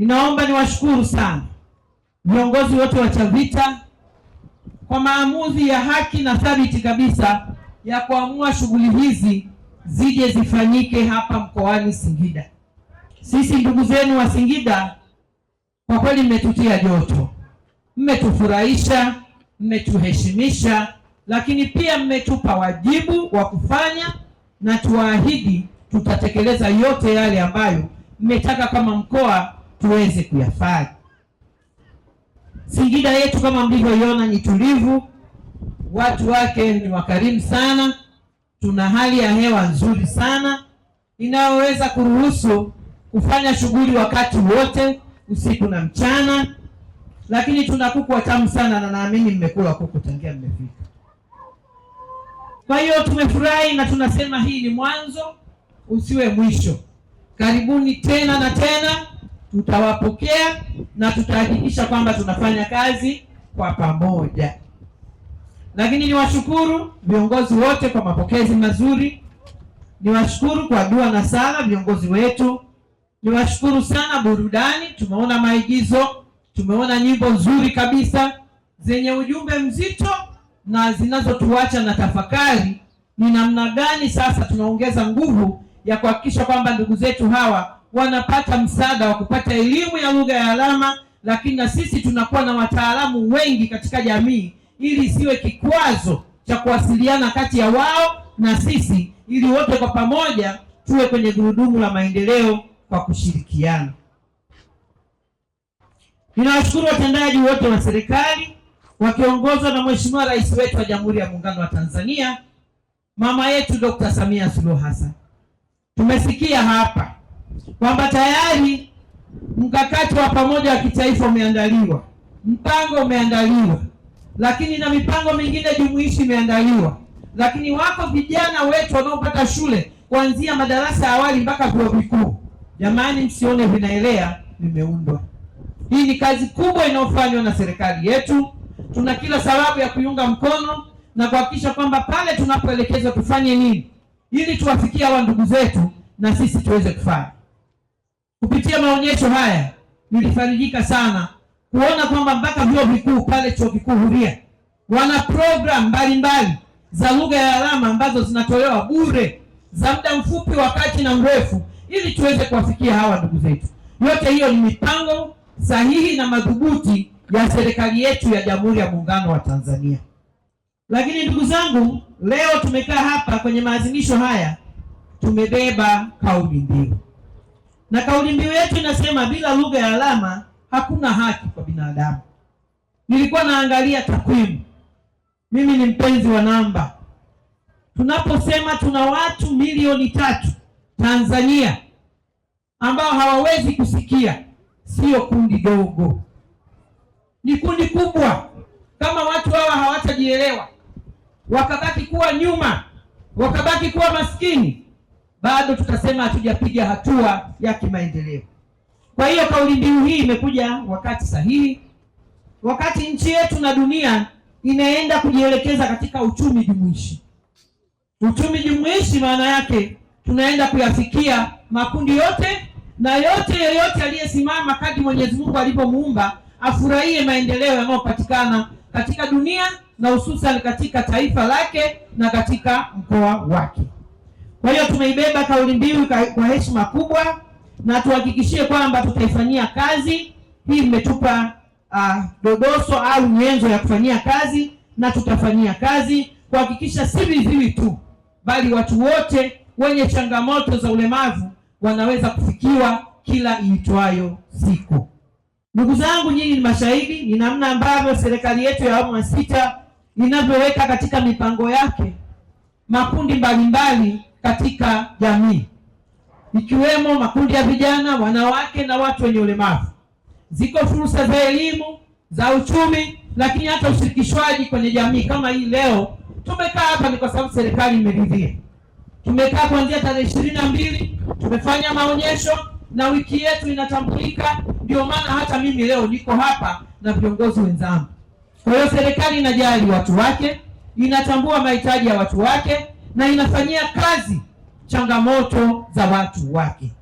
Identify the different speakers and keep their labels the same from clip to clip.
Speaker 1: Ninaomba niwashukuru sana viongozi wote wa CHAVITA kwa maamuzi ya haki na thabiti kabisa ya kuamua shughuli hizi zije zifanyike hapa mkoani Singida. Sisi ndugu zenu wa Singida, kwa kweli mmetutia joto, mmetufurahisha, mmetuheshimisha, lakini pia mmetupa wajibu wa kufanya, na tuwaahidi tutatekeleza yote yale ambayo mmetaka kama mkoa tuweze kuyafanya. Singida yetu kama mlivyoiona ni tulivu, watu wake ni wakarimu sana, tuna hali ya hewa nzuri sana inayoweza kuruhusu kufanya shughuli wakati wote, usiku na mchana. Lakini tuna kuku watamu sana, na naamini mmekula kuku tangia mmefika. Kwa hiyo tumefurahi na tunasema hii ni mwanzo, usiwe mwisho. Karibuni tena na tena tutawapokea na tutahakikisha kwamba tunafanya kazi kwa pamoja. Lakini niwashukuru viongozi wote kwa mapokezi mazuri, niwashukuru kwa dua na sala viongozi wetu, niwashukuru sana. Burudani tumeona maigizo, tumeona nyimbo nzuri kabisa zenye ujumbe mzito na zinazotuacha na tafakari, ni namna gani sasa tunaongeza nguvu ya kuhakikisha kwamba ndugu zetu hawa wanapata msaada wa kupata elimu ya lugha ya alama, lakini na sisi tunakuwa na wataalamu wengi katika jamii, ili isiwe kikwazo cha kuwasiliana kati ya wao na sisi, ili wote kwa pamoja tuwe kwenye gurudumu la maendeleo kwa kushirikiana. Ninawashukuru watendaji wote wa serikali wakiongozwa na Mheshimiwa Rais wetu wa Jamhuri ya Muungano wa Tanzania, mama yetu Dr. Samia Suluhu Hassan. Tumesikia hapa kwamba tayari mkakati wa pamoja wa kitaifa umeandaliwa, mpango umeandaliwa, lakini na mipango mingine jumuishi imeandaliwa, lakini wako vijana wetu wanaopata shule kuanzia madarasa ya awali mpaka vyuo vikuu. Jamani, msione vinaelea, vimeundwa. Hii ni kazi kubwa inayofanywa na serikali yetu. Tuna kila sababu ya kuiunga mkono na kuhakikisha kwamba pale tunapoelekezwa tufanye nini ili tuwafikie hawa ndugu zetu na sisi tuweze kufanya Kupitia maonyesho haya nilifarijika sana kuona kwamba mpaka vyuo vikuu pale chuo kikuu Huria wana program mbalimbali za lugha ya alama ambazo zinatolewa bure za muda mfupi, wakati na mrefu, ili tuweze kuwafikia hawa ndugu zetu. Yote hiyo ni mipango sahihi na madhubuti ya serikali yetu ya Jamhuri ya Muungano wa Tanzania. Lakini ndugu zangu, leo tumekaa hapa kwenye maadhimisho haya tumebeba kauli mbiu na kauli mbiu yetu inasema bila lugha ya alama hakuna haki kwa binadamu. Nilikuwa naangalia takwimu, mimi ni mpenzi wa namba. Tunaposema tuna watu milioni tatu Tanzania ambao hawawezi kusikia, sio kundi dogo, ni kundi kubwa. Kama watu hawa hawatajielewa, wakabaki kuwa nyuma, wakabaki kuwa maskini bado tutasema hatujapiga hatua ya kimaendeleo. Kwa hiyo kauli mbiu hii imekuja wakati sahihi, wakati nchi yetu na dunia inaenda kujielekeza katika uchumi jumuishi. Uchumi jumuishi maana yake tunaenda kuyafikia makundi yote na yote yoyote aliyesimama kadri Mwenyezi Mungu alipomuumba afurahie maendeleo yanayopatikana katika dunia na hususan katika taifa lake na katika mkoa wake. Kwa hiyo tumeibeba kauli mbiu kwa heshima kubwa, na tuhakikishie kwamba tutaifanyia kazi hii. Mmetupa uh, dodoso au nyenzo ya kufanyia kazi, na tutafanyia kazi kuhakikisha si viziwi tu, bali watu wote wenye changamoto za ulemavu wanaweza kufikiwa kila iitwayo siku. Ndugu zangu, nyinyi ni mashahidi, ni namna ambavyo serikali yetu ya awamu ya sita inavyoweka katika mipango yake makundi mbalimbali katika jamii ikiwemo makundi ya vijana, wanawake na watu wenye ulemavu. Ziko fursa za elimu, za uchumi, lakini hata ushirikishwaji kwenye jamii. Kama hii leo tumekaa hapa ni kwa sababu serikali imeridhia. Tumekaa kuanzia tarehe ishirini na mbili, tumefanya maonyesho na wiki yetu inatambulika. Ndio maana hata mimi leo niko hapa na viongozi wenzangu. Kwa hiyo serikali inajali watu wake, inatambua mahitaji ya watu wake na inafanyia kazi changamoto za watu wake.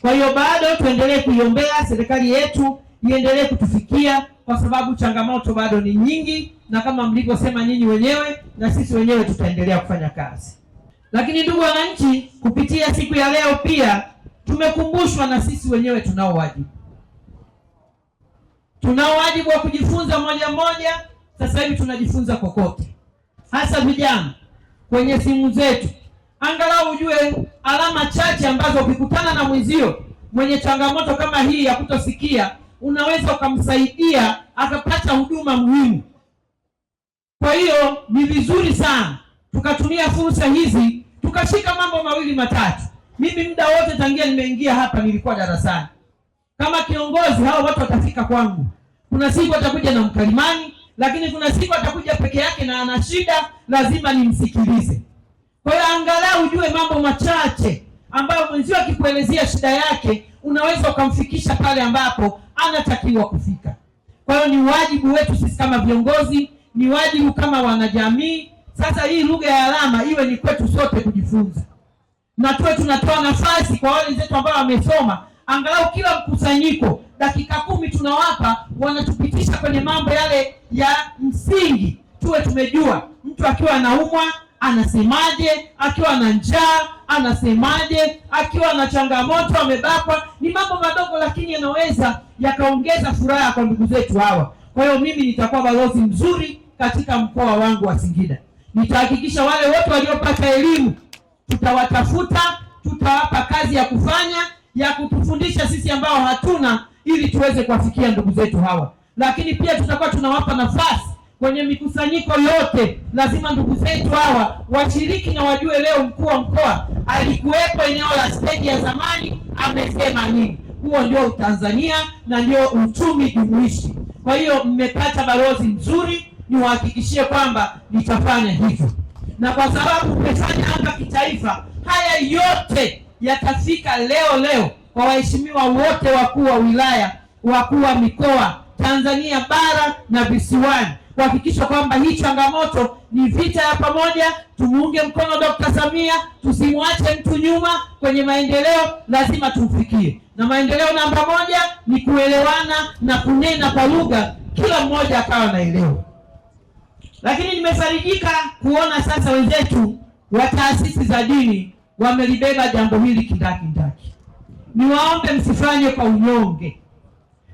Speaker 1: Kwa hiyo bado tuendelee kuiombea serikali yetu iendelee kutufikia kwa sababu changamoto bado ni nyingi, na kama mlivyosema nyinyi wenyewe na sisi wenyewe tutaendelea kufanya kazi. Lakini ndugu wananchi, kupitia siku ya leo pia tumekumbushwa na sisi wenyewe tunao wajibu, tunao wajibu wa kujifunza moja moja. Sasa hivi tunajifunza kokote, hasa vijana kwenye simu zetu, angalau ujue alama chache ambazo ukikutana na mwenzio mwenye changamoto kama hii ya kutosikia unaweza ukamsaidia akapata huduma muhimu. Kwa hiyo ni vizuri sana tukatumia fursa hizi tukashika mambo mawili matatu. Mimi muda wote tangia nimeingia hapa nilikuwa darasani kama kiongozi, hao watu watafika kwangu, kuna siku watakuja na mkalimani lakini kuna siku atakuja peke yake na ana shida, lazima nimsikilize. Kwa hiyo angalau ujue mambo machache ambayo mwenzio akikuelezea shida yake unaweza ukamfikisha pale ambapo anatakiwa kufika. Kwa hiyo ni wajibu wetu sisi kama viongozi, ni wajibu kama wanajamii. Sasa hii lugha ya alama iwe ni kwetu sote kujifunza, na tuwe tunatoa nafasi kwa wale wenzetu ambao wamesoma, angalau kila mkusanyiko dakika kumi tunawapa, wanatupitisha kwenye mambo yale ya msingi, tuwe tumejua mtu akiwa anaumwa anasemaje, akiwa na njaa anasemaje, akiwa na changamoto amebakwa. Ni mambo madogo, lakini yanaweza yakaongeza furaha kwa ndugu zetu hawa. Kwa hiyo mimi nitakuwa balozi mzuri katika mkoa wangu wa Singida. Nitahakikisha wale wote waliopata elimu tutawatafuta, tutawapa kazi ya kufanya ya kutufundisha sisi ambao hatuna ili tuweze kuwafikia ndugu zetu hawa, lakini pia tutakuwa tunawapa nafasi kwenye mikusanyiko yote. Lazima ndugu zetu hawa washiriki na wajue leo mkuu wa mkoa alikuwepo eneo la stendi ya zamani, amesema nini. Huo ndio Utanzania na ndio uchumi jumuishi. Kwa hiyo mmepata balozi mzuri, niwahakikishie kwamba nitafanya hivyo, na kwa sababu mmefanya hapa kitaifa, haya yote yatafika leo leo kwa waheshimiwa wote wakuu wa wilaya, wakuu wa mikoa Tanzania bara na visiwani kuhakikisha kwamba hii changamoto ni vita ya pamoja. Tumuunge mkono Dr. Samia, tusimwache mtu nyuma kwenye maendeleo, lazima tumfikie. Na maendeleo namba moja ni kuelewana na kunena kwa lugha, kila mmoja akawa naelewa. Lakini nimefarijika kuona sasa wenzetu wa taasisi za dini wamelibeba jambo hili kindakindaki niwaombe msifanye kwa unyonge,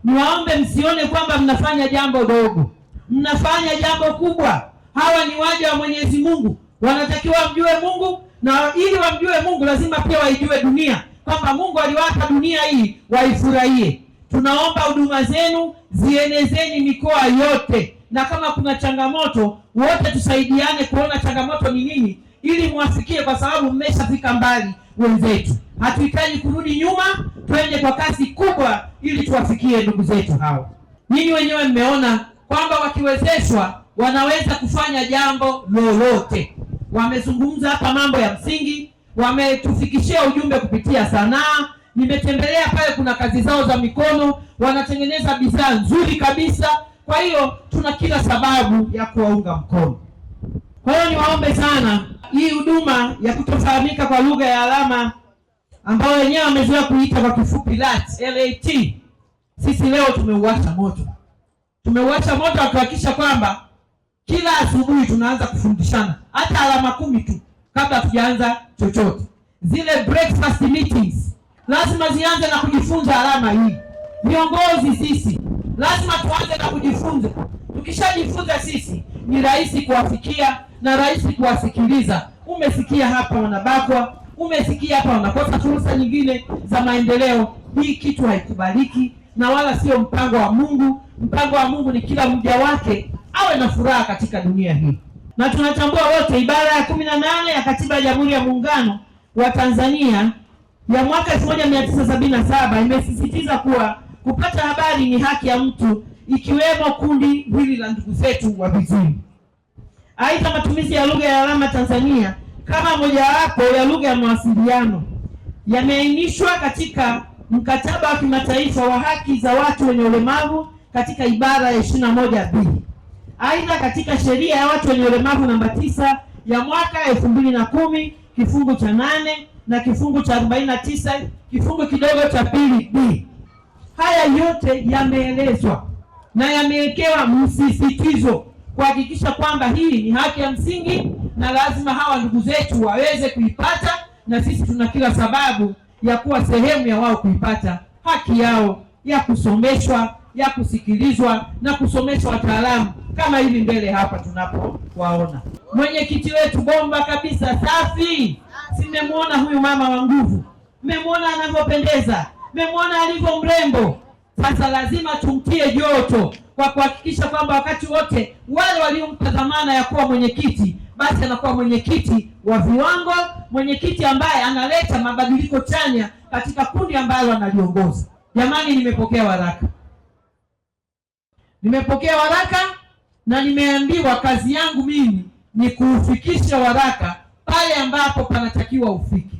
Speaker 1: niwaombe msione kwamba mnafanya jambo dogo, mnafanya jambo kubwa. Hawa ni waja wa Mwenyezi Mungu, wanatakiwa wamjue Mungu, na ili wamjue Mungu lazima pia waijue dunia, kwamba Mungu aliwapa dunia hii waifurahie. Tunaomba huduma zenu zienezeni mikoa yote, na kama kuna changamoto wote tusaidiane kuona changamoto ni nini, ili mwafikie, kwa sababu mmeshafika mbali wenzetu. Hatuhitaji kurudi nyuma, twende kwa kasi kubwa ili tuwafikie ndugu zetu hawa. Ninyi wenyewe mmeona kwamba wakiwezeshwa wanaweza kufanya jambo lolote. Wamezungumza hapa mambo ya msingi, wametufikishia ujumbe kupitia sanaa. Nimetembelea pale, kuna kazi zao za mikono, wanatengeneza bidhaa nzuri kabisa. Kwa hiyo tuna kila sababu ya kuwaunga mkono. Kwa hiyo niwaombe sana, hii huduma ya kutofahamika kwa lugha ya alama ambayo wenyewe wamezoea kuita kwa kifupi LAT, LAT, sisi leo tumeuacha moto, tumeuacha moto wa kuhakikisha kwamba kila asubuhi tunaanza kufundishana hata alama kumi tu kabla hatujaanza chochote. Zile breakfast meetings lazima zianze na kujifunza alama hii. Viongozi sisi lazima tuanze na kujifunza. Tukishajifunza sisi, ni rahisi kuwafikia na rais kuwasikiliza. Umesikia hapa wanabakwa, umesikia hapa wanakosa fursa nyingine za maendeleo. Hii kitu haikubaliki na wala sio mpango wa Mungu. Mpango wa Mungu ni kila mja wake awe na furaha katika dunia hii, na tunatambua wote ibara ya kumi na nane ya Katiba ya Jamhuri ya Muungano wa Tanzania ya mwaka 1977 imesisitiza kuwa kupata habari ni haki ya mtu, ikiwemo kundi hili la ndugu zetu wa viziwi. Aidha, matumizi ya lugha ya alama Tanzania kama mojawapo ya lugha ya mawasiliano yameainishwa katika mkataba wa kimataifa wa haki za watu wenye ulemavu katika ibara ya 21b. Aidha, katika sheria ya watu wenye ulemavu namba tisa ya mwaka elfu mbili na kumi kifungu cha nane na kifungu cha 49 kifungu kidogo cha pili b. Haya yote yameelezwa na yamewekewa msisitizo kuhakikisha kwamba hii ni haki ya msingi na lazima hawa ndugu zetu waweze kuipata, na sisi tuna kila sababu ya kuwa sehemu ya wao kuipata haki yao ya kusomeshwa, ya kusikilizwa na kusomeshwa wataalamu kama hivi mbele hapa tunapowaona. Mwenyekiti wetu bomba kabisa, safi. Simemwona huyu mama wa nguvu, mmemwona anavyopendeza, mmemwona alivyo mrembo sasa lazima tumtie joto kwa kuhakikisha kwamba wakati wote wale waliompa dhamana ya kuwa mwenyekiti basi anakuwa mwenyekiti wa viwango, mwenyekiti ambaye analeta mabadiliko chanya katika kundi ambalo analiongoza. Jamani, nimepokea waraka, nimepokea waraka na nimeambiwa kazi yangu mimi ni kuufikisha waraka pale ambapo panatakiwa ufike,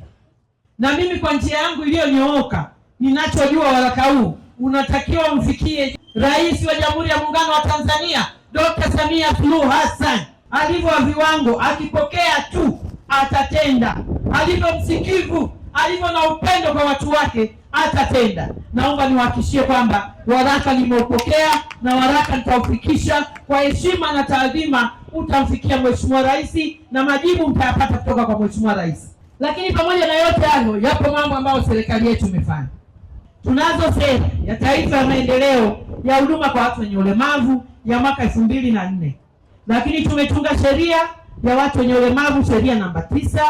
Speaker 1: na mimi kwa njia yangu iliyonyooka ninachojua waraka huu unatakiwa umfikie Rais wa Jamhuri ya Muungano wa Tanzania Dr. Samia Suluhu Hassan alivyo viwango, akipokea tu atatenda, alivyo msikivu, alivyo na upendo kwa watu wake atatenda. Naomba niwahakishie kwamba waraka limeupokea na waraka nitaufikisha kwa heshima na taadhima, utamfikia Mheshimiwa Rais na majibu mtayapata kutoka kwa Mheshimiwa Rais. Lakini pamoja na yote hayo, yapo mambo ambayo serikali yetu imefanya Tunazo sera ya taifa ya maendeleo ya huduma kwa watu wenye ulemavu ya mwaka elfu mbili na nne, lakini tumetunga sheria ya watu wenye ulemavu sheria namba tisa,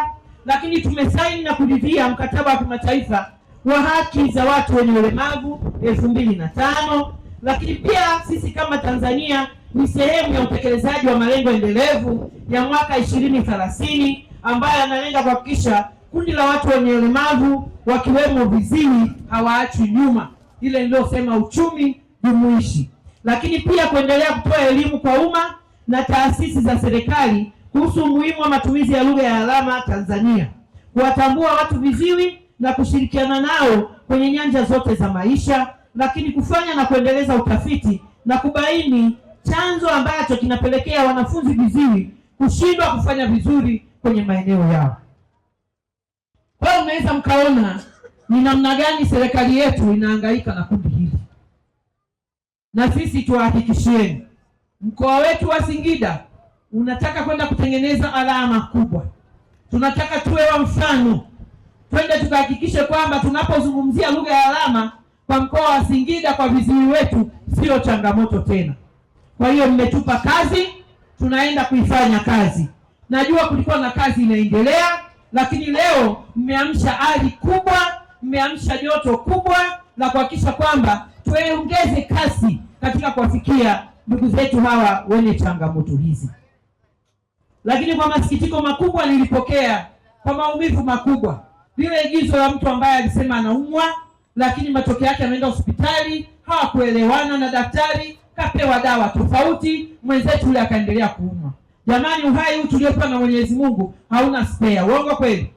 Speaker 1: lakini tumesaini na kuridhia mkataba wa kimataifa wa haki za watu wenye ulemavu elfu mbili na tano, lakini pia sisi kama Tanzania ni sehemu ya utekelezaji wa malengo endelevu ya mwaka ishirini thelathini ambayo analenga kuhakikisha kundi la watu wenye ulemavu wakiwemo viziwi hawaachwi nyuma, ile niliyosema uchumi jumuishi, lakini pia kuendelea kutoa elimu kwa umma na taasisi za serikali kuhusu umuhimu wa matumizi ya lugha ya alama Tanzania, kuwatambua watu viziwi na kushirikiana nao kwenye nyanja zote za maisha, lakini kufanya na kuendeleza utafiti na kubaini chanzo ambacho kinapelekea wanafunzi viziwi kushindwa kufanya vizuri kwenye maeneo yao. Kwa hiyo mnaweza mkaona ni namna gani serikali yetu inahangaika na kundi hili, na sisi tuwahakikishieni, mkoa wetu wa Singida unataka kwenda kutengeneza alama kubwa. Tunataka tuwe wa mfano, twende tukahakikishe kwamba tunapozungumzia lugha ya alama kwa mkoa wa Singida kwa viziwi wetu sio changamoto tena. Kwa hiyo mmetupa kazi, tunaenda kuifanya kazi. Najua kulikuwa na kazi inaendelea lakini leo mmeamsha ari kubwa, mmeamsha joto kubwa la kuhakikisha kwamba tuongeze kasi katika kuwafikia ndugu zetu hawa wenye changamoto hizi. Lakini kwa masikitiko makubwa nilipokea kwa maumivu makubwa lile igizo la mtu ambaye alisema anaumwa, lakini matokeo yake ameenda hospitali, hawakuelewana na daktari, kapewa dawa tofauti, mwenzetu yule akaendelea kuumwa. Jamani, uhai huu tuliopewa na Mwenyezi Mungu hauna spare. Uongo kweli?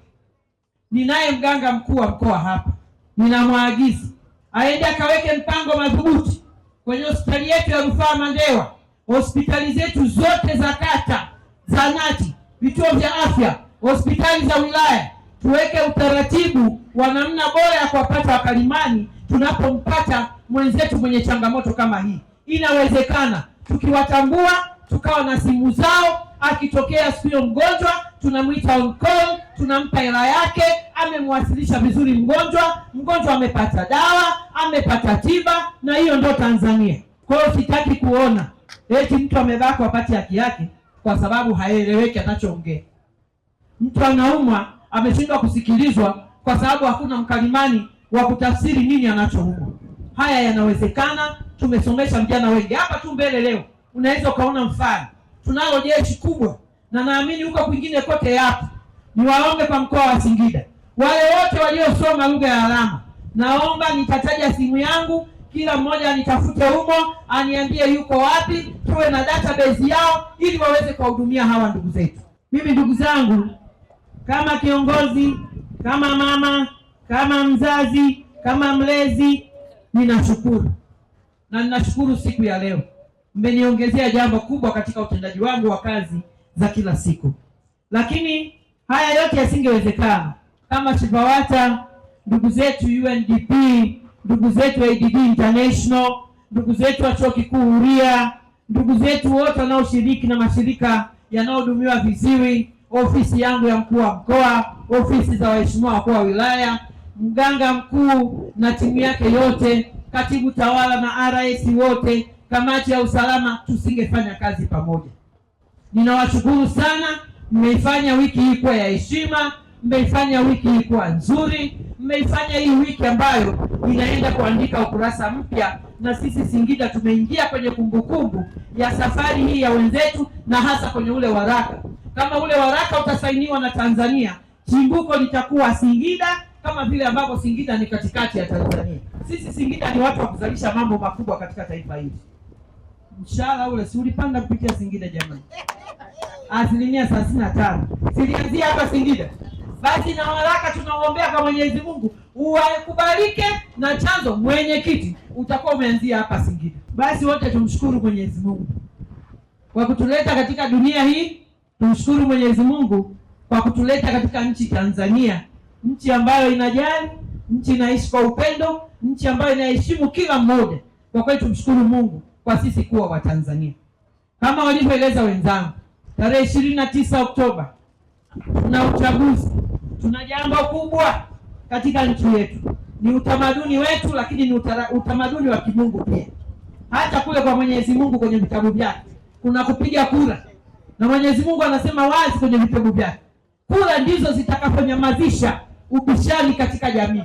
Speaker 1: Ninaye mganga mkuu wa mkoa hapa, ninamwaagiza aende akaweke mpango madhubuti kwenye hospitali yetu ya rufaa Mandewa, hospitali zetu zote za kata, zahanati, vituo vya afya, hospitali za wilaya, tuweke utaratibu wa namna bora ya kuwapata wakalimani tunapompata mwenzetu mwenye changamoto kama hii. Inawezekana tukiwatambua tukawa na simu zao. Akitokea siku hiyo mgonjwa, tunamwita on call, tunampa hela yake, amemwasilisha vizuri mgonjwa, mgonjwa amepata dawa, amepata tiba, na hiyo ndo Tanzania. Kwa hiyo sitaki kuona eti mtu amevaa kwa pati haki yake, kwa sababu haeleweki anachoongea. Mtu anaumwa ameshindwa kusikilizwa kwa sababu hakuna mkalimani wa kutafsiri nini anachoumwa. Haya yanawezekana, tumesomesha vijana wengi hapa tu mbele leo unaweza ukaona mfano. Tunalo jeshi kubwa na naamini huko kwingine kote yapo. Niwaombe kwa mkoa wa Singida, wale wote waliosoma lugha ya alama, naomba nitataja simu yangu, kila mmoja anitafute humo, aniambie yuko wapi, tuwe na database yao ili waweze kuwahudumia hawa ndugu zetu. Mimi ndugu zangu, kama kiongozi, kama mama, kama mzazi, kama mlezi, ninashukuru na ninashukuru siku ya leo mmeniongezea jambo kubwa katika utendaji wangu wa kazi za kila siku, lakini haya yote yasingewezekana kama Chipawata, ndugu zetu UNDP, ndugu zetu ADD International, ndugu zetu wa chuo kikuu Huria, ndugu zetu wote wanaoshiriki na mashirika yanayohudumiwa viziwi, ofisi yangu ya mkuu wa mkoa, ofisi za waheshimiwa wakuu wa wilaya, mganga mkuu na timu yake yote, katibu tawala na rs wote kamati ya usalama tusingefanya kazi pamoja. Ninawashukuru sana, mmeifanya wiki hii kuwa ya heshima, mmeifanya wiki hii kuwa nzuri, mmeifanya hii wiki ambayo inaenda kuandika ukurasa mpya, na sisi Singida tumeingia kwenye kumbukumbu ya safari hii ya wenzetu, na hasa kwenye ule waraka. Kama ule waraka utasainiwa na Tanzania, chimbuko litakuwa Singida kama vile ambavyo Singida ni katikati ya Tanzania. Sisi Singida ni watu wa kuzalisha mambo makubwa katika taifa hili mshahara ule si ulipanda kupitia Singida jamani, asilimia thelathini na tano silianzia hapa Singida. Basi na waraka tunaombea kwa Mwenyezi Mungu uwakubalike na chanzo mwenyekiti utakuwa umeanzia hapa Singida. Basi wote tumshukuru Mwenyezi Mungu kwa kutuleta katika dunia hii, tumshukuru Mwenyezi Mungu kwa kutuleta katika nchi Tanzania, nchi ambayo inajali, nchi inaishi kwa upendo, nchi ambayo inaheshimu kila mmoja. Kwa kweli tumshukuru Mungu kwa sisi kuwa Watanzania. Kama walivyoeleza wenzangu, tarehe ishirini na tisa Oktoba tuna uchaguzi. Tuna jambo kubwa katika nchi yetu, ni utamaduni wetu, lakini ni utara, utamaduni wa kimungu pia. Hata kule kwa Mwenyezi Mungu kwenye vitabu vyake kuna kupiga kura, na Mwenyezi Mungu anasema wazi kwenye vitabu vyake, kura ndizo zitakazonyamazisha ubishani katika jamii.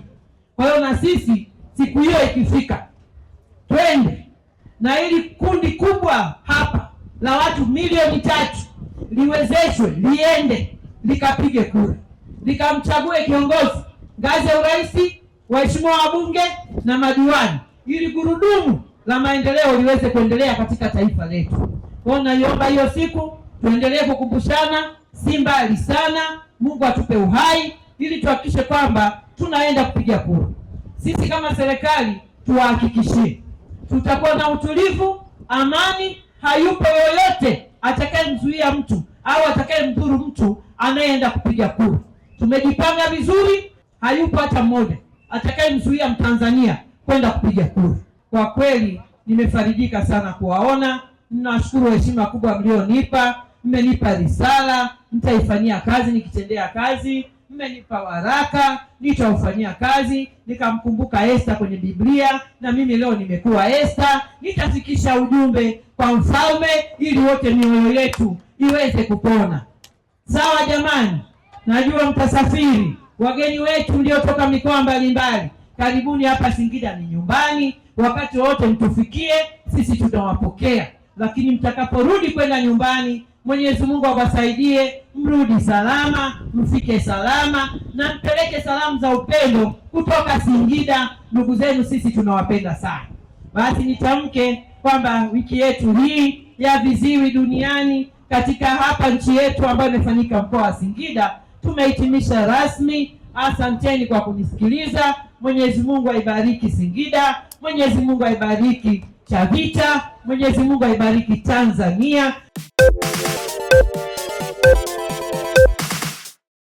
Speaker 1: Kwa hiyo na sisi siku hiyo ikifika, twende na ili kundi kubwa hapa la watu milioni tatu liwezeshwe liende likapige kura likamchague kiongozi ngazi ya urais, waheshimiwa wabunge na madiwani, ili gurudumu la maendeleo liweze kuendelea katika taifa letu. Kwao naiomba hiyo siku tuendelee kukumbushana, si mbali sana. Mungu atupe uhai ili tuhakikishe kwamba tunaenda kupiga kura. Sisi kama serikali tuwahakikishie tutakuwa na utulivu, amani. Hayupo yoyote atakayemzuia mtu au atakayemdhuru mtu anayeenda kupiga kura. Tumejipanga vizuri, hayupo hata mmoja atakayemzuia mtanzania kwenda kupiga kura. Kwa kweli nimefarijika sana kuwaona. Ninawashukuru heshima kubwa mlionipa, mmenipa risala, nitaifanyia kazi nikitendea kazi mmenipa waraka, nitaufanyia kazi. Nikamkumbuka Esta kwenye Biblia, na mimi leo nimekuwa Esta, nitafikisha ujumbe kwa mfalme ili wote mioyo yetu iweze kupona. Sawa jamani, najua mtasafiri. Wageni wetu mliotoka mikoa mbalimbali, karibuni hapa Singida, ni nyumbani. Wakati wote mtufikie, sisi tutawapokea, lakini mtakaporudi kwenda nyumbani Mwenyezi Mungu awasaidie, mrudi salama, mfike salama, na mpeleke salamu za upendo kutoka Singida. Ndugu zenu sisi tunawapenda sana. Basi nitamke kwamba wiki yetu hii ya viziwi duniani katika hapa nchi yetu ambayo imefanyika mkoa wa Singida tumehitimisha rasmi. Asanteni kwa kunisikiliza. Mwenyezi Mungu aibariki Singida, Mwenyezi Mungu aibariki Chavita. Mwenyezi Mungu aibariki Tanzania.